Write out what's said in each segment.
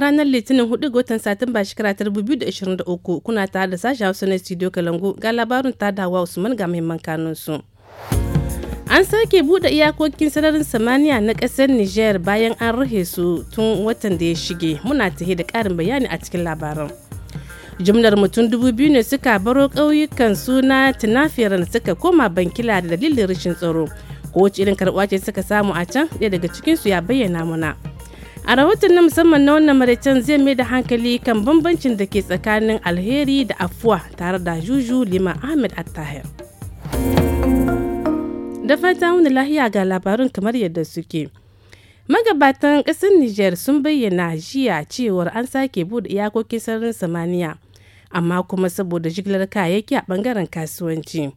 ranar Litinin 4 ga watan Satumba shekara ta 2023 kuna tare da sashen Hausa na Studio Kalangu ga labarin ta dawa Usman ga muhimman kanun su. An sake bude iyakokin sararin samaniya na ƙasar Niger bayan an rufe su tun watan da ya shige. Muna tahe da ƙarin bayani a cikin labaran. jumlar mutum dubu biyu ne suka baro ƙauyukan suna da suka koma bankila da dalilin rashin tsaro ko irin karɓa ce suka samu a can ɗaya daga cikinsu ya bayyana muna. a rahoton na musamman na wannan maraicen zai mai da hankali kan bambancin da ke tsakanin alheri da afuwa tare da juju lima ahmed attahir da fata wani lahiya ga labarun kamar yadda suke magabatan ƙasar Nijar sun bayyana jiya cewar an sake bude iyakokin sararin samaniya amma kuma saboda jigilar kayayyaki a bangaren kasuwanci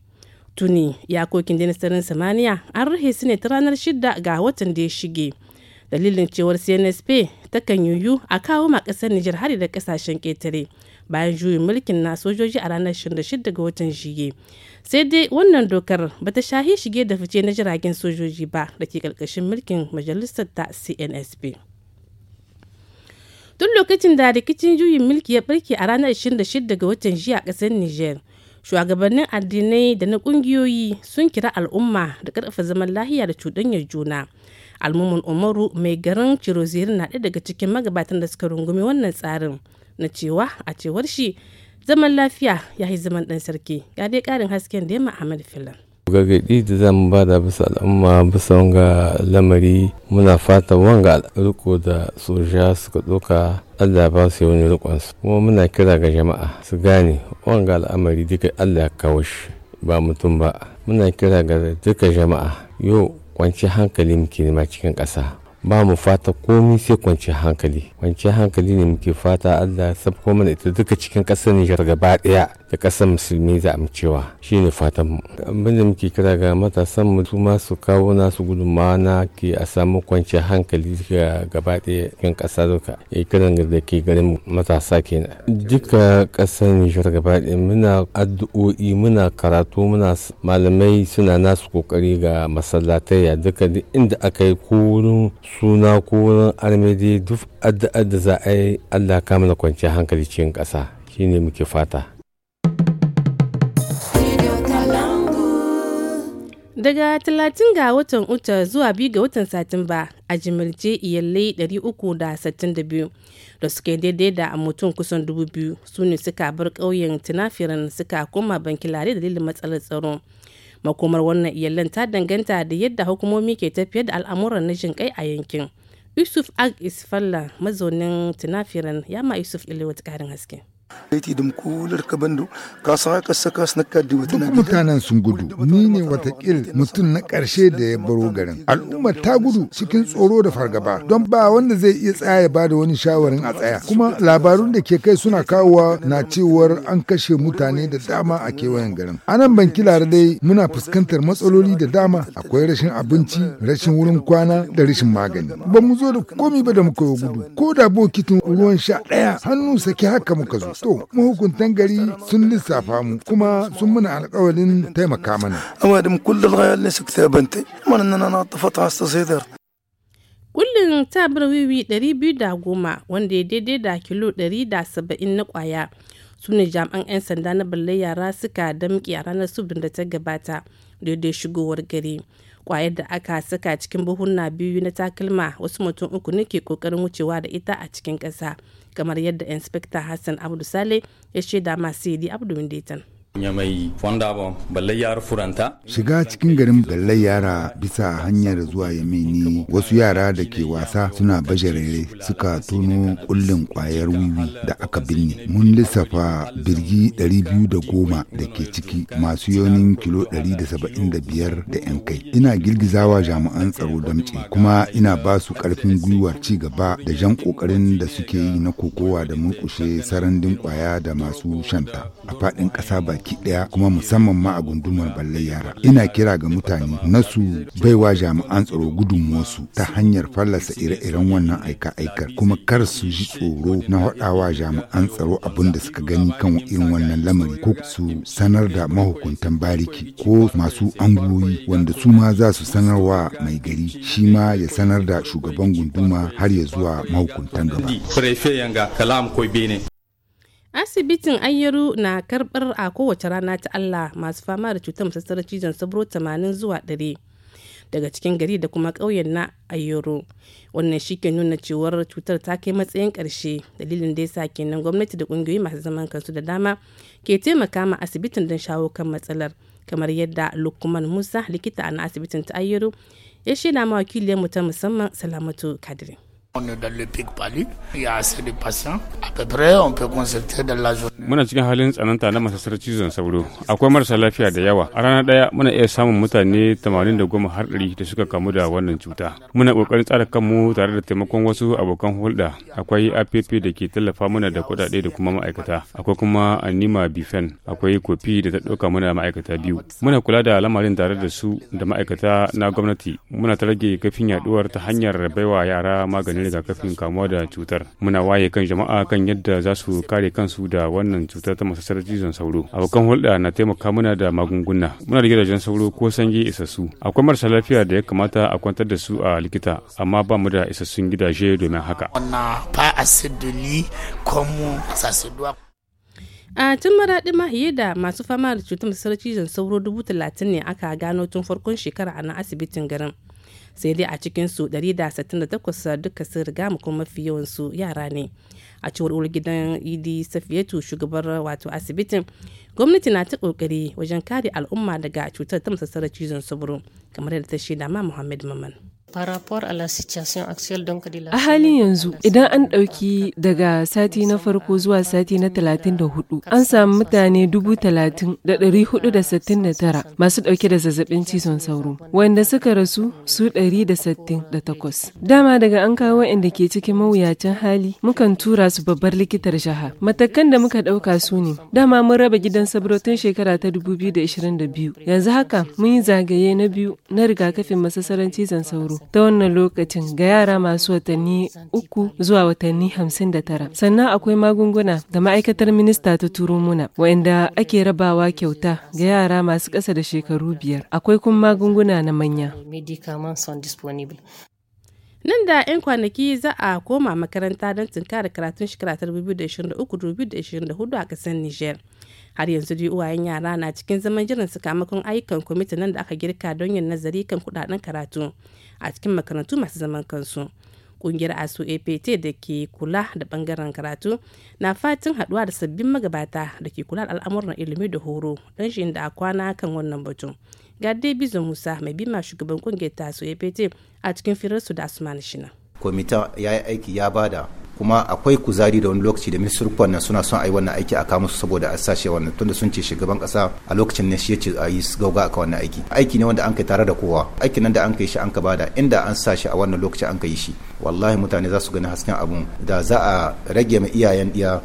tuni iyakokin dinistarin samaniya an ruhe su ne ta ranar shida ga watan da ya shige dalilin cewar cnsp takan yuyu a kawo ma kasar nijar hari da kasashen ketare bayan juyin mulkin na sojoji a ranar 26 ga watan shige sai dai wannan dokar bata shahi shige da fice na jiragen sojoji ba da ke karkashin mulkin majalisar ta cnsp tun lokacin da rikicin juyin mulki ya barke a ranar 26 ga watan jiya a kasar niger shugabannin addinai da na kungiyoyi sun kira al'umma da karfafa zaman lahiya da cuɗanyar juna almumun umaru mai garin ciroziri na ɗaya daga cikin magabatan da suka rungumi wannan tsarin na cewa a cewar shi zaman lafiya ya yi zaman ɗan sarki ga dai ƙarin hasken da ya ma'amal filan gargaɗi da zamu ba da bisa al'umma bisa wanga lamari muna fata wanga riko da soja suka ɗauka allah ba su wani rikonsu kuma muna kira ga jama'a su gane wanga al'amari duka allah ya kawo shi ba mutum ba muna kira ga duka jama'a yau kwanci hankalin muke nema cikin ƙasa ba mu fata komi sai kwanciyar hankali kwanciyar hankali ne muke fata allah ya sabko mana ita duka cikin ƙasar nijar gaba ɗaya da kasar musulmi za mu cewa shine fatan mu abinda muke kira ga matasan mu su ma su kawo nasu gudunmawa na ke a samu kwanciyar hankali ga gaba daya cikin kasa duka ya eh, da ke garin matasa kenan duka ƙasar nijar gaba ɗaya muna addu'o'i muna karatu muna malamai suna nasu kokari ga masallatai duka duk inda aka yi kurun. suna ko wurin almedi duk addu'ar da za a yi allah kamala kwanciyar hankali cikin ƙasa shine muke fata Daga 30 ga watan Uta zuwa 2 ga watan Satumba a jimirce iyalai 362 da suke daidai da mutum kusan 2,000 su ne suka bar ƙauyen tunafiran suka koma bankilare dalilin matsalar tsaro. makomar wannan iyalan ta danganta da yadda hukumomi ke tafiyar da al'amuran na jin kai a yankin yusuf ag isfalla mazaunin tunafiran ya ma yusuf ilewat karin haske da kular ka bando ka san saka na kaddi wata na mutanen sun gudu ni ne watakil mutum na karshe da ya baro garin Al'ummar ta gudu cikin tsoro da fargaba don ba wanda zai iya tsaya ya bada wani shawarin a tsaya kuma labarun da ke kai suna kawowa na cewar an kashe mutane da dama a kewayen garin anan ban kilara dai muna fuskantar matsaloli da dama akwai rashin abinci rashin wurin kwana da rashin magani ba mu zo da komi ba da muka yi gudu ko da bokitin ruwan sha ɗaya hannu sake haka muka zo To, mahukuntan gari sun lissafa mu kuma sun muna alkawarin taimaka mana. Amma da kullum rayar ne suka tabanta, mana nana na fata hasta sai Kullum bar wiwi 210 wanda ya daidai da kilo saba'in na kwaya. Su ne jami'an 'yan sanda na balle yara suka damƙe a ranar subin da ta gabata daidai shigowar gari. kwayar da aka saka cikin buhunna biyu na takalma wasu mutum uku ne ke kokarin wucewa da ita a cikin ƙasa kamar yadda inspector hassan abdu sale ya shaida ma cd abdu mindaitan mai shiga cikin garin ballai yara bisa hanyar zuwa yamini ni wasu yara da ke wasa suna bajarere suka tono kullin kwayar wiwi da aka binne mun lissafa birgi 210 da ke ciki masu yonin kilo 175 da yan kai ina girgizawa jami'an tsaro damce kuma ina ba su karfin gwiwar ci gaba da jan kokarin da suke yi na kokowa da murkushe sarandin kwaya da masu shanta a faɗin ƙasa baki baki daya kuma musamman ma a gundumar balle yara ina kira ga mutane na su baiwa jami'an tsaro gudunmuwarsu ta hanyar fallasa ire-iren wannan aika-aikar kuma kar su ji tsoro na haɗawa jami'an tsaro abin da suka gani kan irin wannan lamari ko su sanar da mahukuntan bariki ko masu angoyi wanda su ma za su sanarwa mai gari shi ma ya sanar da shugaban gunduma har ya zuwa mahukuntan gaba. asibitin ayyaru na karbar a kowace rana ta allah masu fama da cutar masassarar cizon sabro 80 zuwa 100 daga cikin gari da kuma ƙauyen na ayyaru wannan shi ke nuna cewar cutar ta kai matsayin ƙarshe dalilin da ya sa kenan gwamnati da ƙungiyoyi masu zaman kansu da dama ke taimaka ma asibitin don shawo kan matsalar kamar yadda lukman musa likita a na asibitin ta ayyaru ya shaida ma wakiliyar mu ta musamman salamatu kadiri On est dans le pic palu, il y a assez de patients. À peu près, on peut consulter dans la journée. Muna cikin halin tsananta na masasar cizon sauro. Akwai marasa lafiya da yawa. A rana ɗaya muna iya samun mutane 80 har 100 da suka kamu da wannan cuta. Muna ƙoƙarin tsara kanmu tare da taimakon wasu abokan hulɗa. Akwai APP da ke tallafa mana da kuɗaɗe da kuma ma'aikata. Akwai kuma Anima Bifen. Akwai kofi da ta ɗauka mana ma'aikata biyu. Muna kula da lamarin tare da su da ma'aikata na gwamnati. Muna ta rage kafin yaɗuwar ta hanyar baiwa yara maganin rigakafin kamuwa da cutar muna waye kan jama'a kan yadda za su kare kansu da wannan cutar ta masasar cizon sauro abokan hulɗa na taimaka mana da magunguna muna da gidajen sauro ko sanyi isassu akwai marasa lafiya da ya kamata a kwantar da su a likita amma ba mu da isassun gidaje domin haka. a tun maraɗi mahiye da masu fama da cutar masarar cizon sauro dubu talatin ne aka gano tun farkon shekara a nan asibitin garin sai dai a cikin su 168 duka sun riga mu kuma mafi yawan su yara ne a cewar uwar gidan idi safiyatu shugabar wato asibitin gwamnati na ta kokari wajen kare al'umma daga cutar ta masarar cizon sauro kamar yadda ta shaida ma muhammad maman A halin yanzu idan an ɗauki daga sati na farko zuwa sati na 34 an samu mutane 30,469 masu ɗauke da zazzabin cizon sauro wanda suka rasu su 168. Dama daga an kawo waɗanda ke cikin mawuyacin hali mukan tura su babbar likitar jaha. Matakan da muka ɗauka su ne dama mun raba gidan sabro tun shekara ta 2022 yanzu haka mun yi zagaye na biyu na rigakafin masasaran cizon sauro ta wannan lokacin ga yara masu watanni uku zuwa watanni hamsin da tara. Sannan akwai magunguna da ma'aikatar minista ta turo muna wa'inda ake rabawa kyauta ga yara masu ƙasa da shekaru biyar. Akwai kuma magunguna na manya. nan da 'yan kwanaki za a koma makaranta don tunkara karatun shekara 2023-2024 a kasar niger har yanzu dai uwayen yara na cikin zaman jiran sakamakon ayyukan kwamitin nan da aka girka don yin nazari kan kudaden karatu a cikin makarantu masu zaman kansu kungiyar asu apt da ke kula da bangaren karatu na fatin haduwa da sabbin magabata da ke kula da al'amuran ilimi da horo don shi da kwana kan wannan batun ga dabizu musa mai bima shugaban kungiyar ta asu apt a cikin firarsu da asuman shina kwamitin ya yi aiki ya bada kuma akwai kuzari da wani lokaci da ministrukwan nan suna son a yi wannan aiki a kawo saboda a sashe wannan tunda sun ce shugaban kasa a lokacin ne shi ya ce a yi gauga a wannan aiki aiki ne wanda an kai tare da kowa aikin nan da an kai shi an ka bada inda an sashe a wannan lokacin an kai shi wallahi mutane za su gani hasken abun da za a rage ma iyayen iya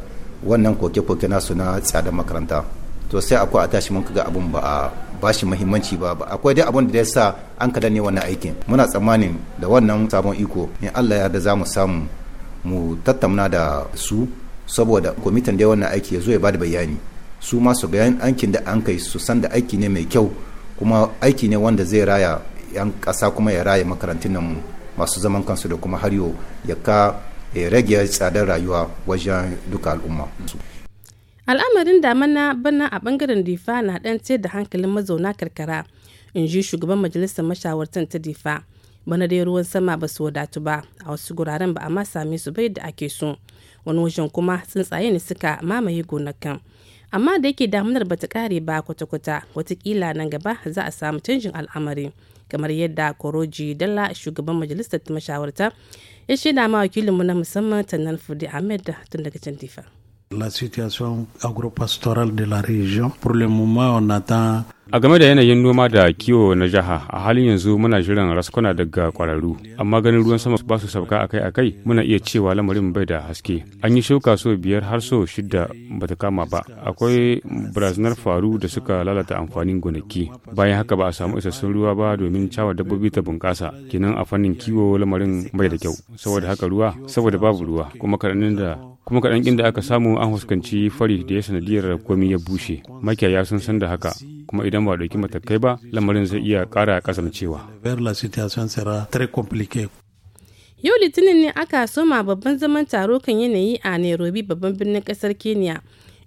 wannan koke-koke nasu na tsadar makaranta to sai akwai a tashi mun kaga abun ba a ba shi muhimmanci ba akwai dai abun da ya sa an kada ne wannan aikin muna tsammanin da wannan sabon iko in Allah ya da za mu samu mu tattauna da su saboda kwamitin da wannan aiki ya zo ya bada bayani su ma su ga aikin da an kai su san da aiki ne mai kyau kuma aiki ne wanda zai raya yan ƙasa kuma ya raya makarantun nan masu zaman kansu da kuma har ya ka rage tsadar rayuwa wajen duka al'umma. al'amarin damana bana a bangaren difa na ɗan da hankalin mazauna karkara in ji shugaban majalisar mashawartan ta difa bana dai ruwan sama ba su wadatu ba a wasu guraren ba a ma same su bai da ake so wani wajen kuma tsuntsaye ne suka mamaye gonakan amma da yake damunar bata kare ba kwata-kwata watakila nan gaba za a samu canjin al'amari kamar yadda koroji dalla shugaban majalisar mashawarta ya shaida ma wakilinmu na musamman tannan fudi ahmed tun daga can difa la situation agropastoral de la région pour le moment on attend A game da yanayin noma da kiwo na jiha a halin yanzu muna jiran raskuna daga kwararru amma ganin ruwan sama ba su sauka akai akai muna iya cewa lamarin bai da haske. An yi shuka so biyar har so shida bata kama ba. Akwai barazanar faru da suka lalata amfanin gonaki. Bayan haka ba a samu isassun ruwa ba domin cawa dabbobi ta bunƙasa. Kenan a fannin kiwo lamarin bai da kyau. Saboda haka ruwa saboda babu ruwa kuma kaɗan da kuma kaɗan inda aka samu an fuskanci fari da ya sanadiyar komi ya bushe. Makiyaya sun san da haka kuma idan ba dauki matakai ba lamarin zai iya ƙara kasancewa. Yau Litinin ne aka soma babban zaman taro kan yanayi a Nairobi babban birnin kasar Kenya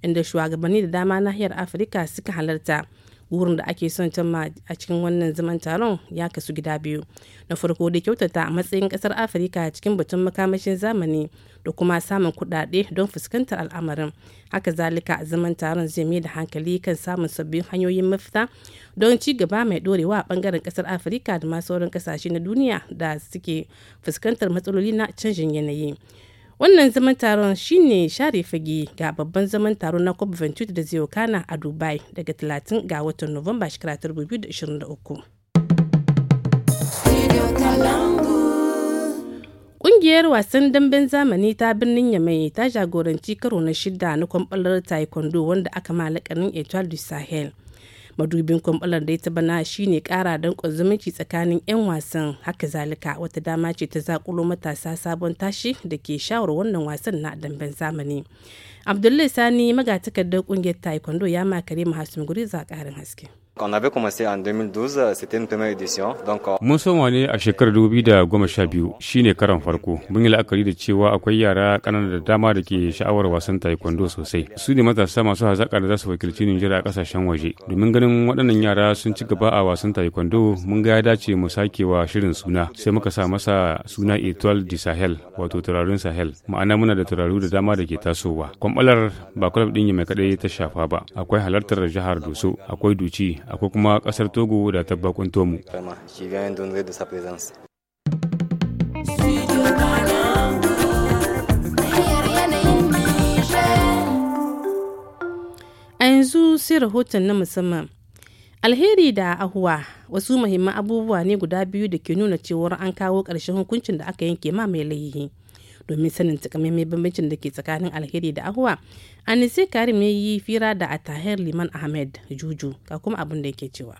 inda shugabanni da dama nahiyar Afirka suka halarta. wurin da ake son ma a cikin wannan zaman taron ya kasu gida biyu na farko da kyautata a matsayin kasar afirka cikin batun makamashin zamani da kuma samun kudade don fuskantar al'amarin haka zalika a zaman taron zai mai da hankali kan samun sabbin hanyoyin mafita don ci gaba mai dorewa a bangaren kasar afirka da ma sauran kasashe na duniya da suke fuskantar matsaloli na canjin yanayi wannan zaman taron shine share fage ga babban zaman taro na cop 22 da zai kana a dubai daga 30 ga watan nuwamba 2023 Ƙungiyar wasan damben zamani ta birnin Yamai ta jagoranci karo na shida na kwamɓalar taekwondo wanda aka malakarin Etoile du Sahel. madubin kwamɓalar da ya ta bana shine kara danƙon zumunci tsakanin 'yan wasan haka zalika wata dama ce ta zakulo matasa sabon tashi da ke shawar wannan wasan na damben zamani abdullahi sani magatakardar ƙungiyar taekwondo ya makare mahasum guri za ƙarin haske On avait commencé en 2012, c'était une première édition. Donc euh, mun soma ne a shekarar 2012 shine karan farko. Mun yi la'akari da cewa akwai yara kanana da dama da ke sha'awar wasan taekwondo sosai. Su ne matasa masu hazaƙa da za su wakilci Nijar a ƙasashen waje. Domin ganin waɗannan yara sun ci gaba a wasan taekwondo, mun ga ya dace mu sake wa shirin suna. Sai muka sa masa suna Etoile du Sahel, wato turarun Sahel. Ma'ana muna da turaru da dama da ke tasowa. Kwamɓalar ba kulab ɗin mai kaɗai ta shafa ba. Akwai halartar jihar Doso, akwai Duci, akwai kuma kasar Togo da ta bakunto mu. A yanzu sai rahoton na musamman. Alheri da ahuwa wasu muhimman abubuwa ne guda biyu da ke nuna cewar an kawo ƙarshen hukuncin da aka yanke ma mai laihi. domin sanin takamaimai bambancin da ke tsakanin alheri da ahuwa anise karim ya yi fira da atahir liman ahmed juju ga kuma abin da yake cewa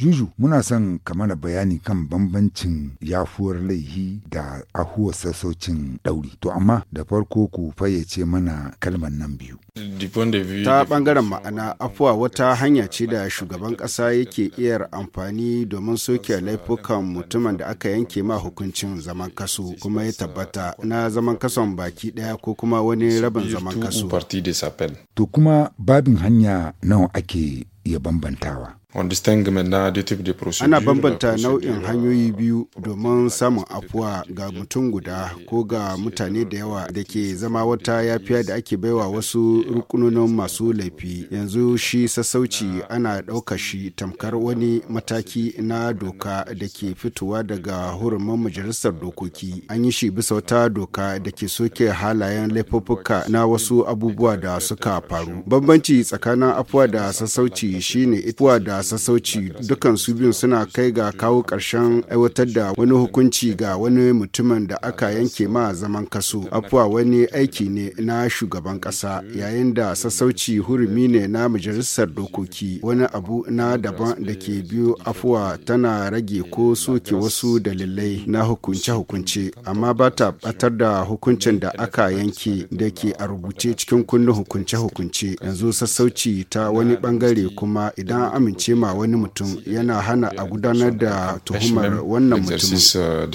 Juju, muna son kamar bayani kan bambancin yafuwar laihi da ahuwar sassaucin ɗauri. To amma da farko ku fayyace mana kalmar nan biyu. Ta ɓangaren ma'ana afuwa wata euh, hanya ce da shugaban ƙasa yake iya amfani euh, domin soke laifukan euh, mutumin da aka yanke ma hukuncin zaman kaso kuma ya tabbata na zaman kason baki ɗaya ko kuma wani rabin zaman kaso. To kuma babin hanya nawa ake iya bambantawa. Ana bambanta nau'in hanyoyi biyu domin samun afuwa ga mutum guda ko ga mutane da yawa da ke zama wata yafiya da ake baiwa wasu rukunonin masu laifi. Yanzu shi sassauci ana ɗauka shi tamkar wani mataki na doka da ke fitowa daga hurumin majalisar dokoki. An yi shi bisa wata doka da ke soke halayen laifuffuka na wasu abubuwa da suka faru. Bambanci tsakanin afuwa da sassauci shine afuwa da sassauci dukan su biyun suna kai ga kawo ƙarshen aiwatar da wani hukunci ga wani mutumin da aka yanke ma zaman kaso afuwa wani aiki ne na shugaban ƙasa yayin da sassauci hurumi ne na majalisar dokoki wani abu na daban da ke biyo afuwa tana rage ko soke wasu dalilai na hukunce-hukunce amma ba ta batar da hukuncin da aka yanke da ke a rubuce cikin kunnen hukunce-hukunce yanzu sassauci ta wani bangare kuma idan amince amince ma wani mutum yana hana a gudanar da tuhumar wannan mutumin. Euh,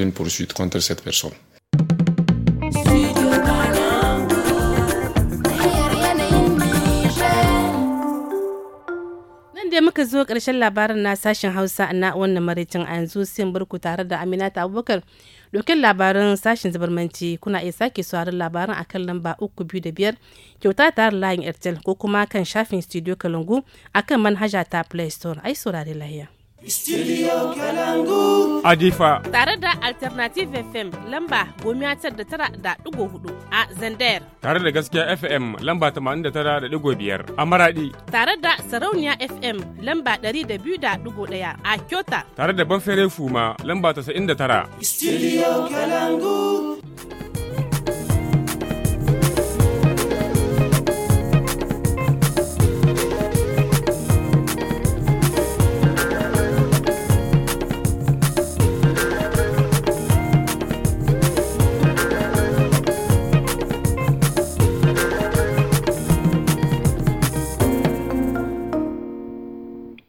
dai muka zo ƙarshen labarin na sashen Hausa na wannan maraicin a yanzu sin burku tare da Aminata Abubakar. Dokin labarin sashen zubarmanci kuna iya sake sauraron labarin a kan lamba uku biyu da biyar kyauta tare layin Airtel ko kuma kan shafin Studio Kalungu akan manhaja ta Play Store. Ai saurari lahiya. Studio Adifa. Tare da Alternative FM lamba goma tar da tara da ɗigo hudu a Zander. Tare da gaskiya FM lamba tamanin da tara da ɗigo biyar a Maradi. Tare da Sarauniya FM lamba ɗari da biyu da ɗigo ɗaya a Kyota. Tare da Banfere Fuma lamba tasa'in da tara. Studio Kalangu.